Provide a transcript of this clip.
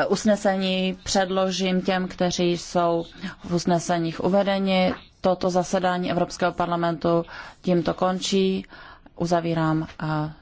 Eh, usnesení předložím těm, kteří jsou v usneseních uvedeni. Toto zasedání Evropského parlamentu tímto končí. Uzavírám eh,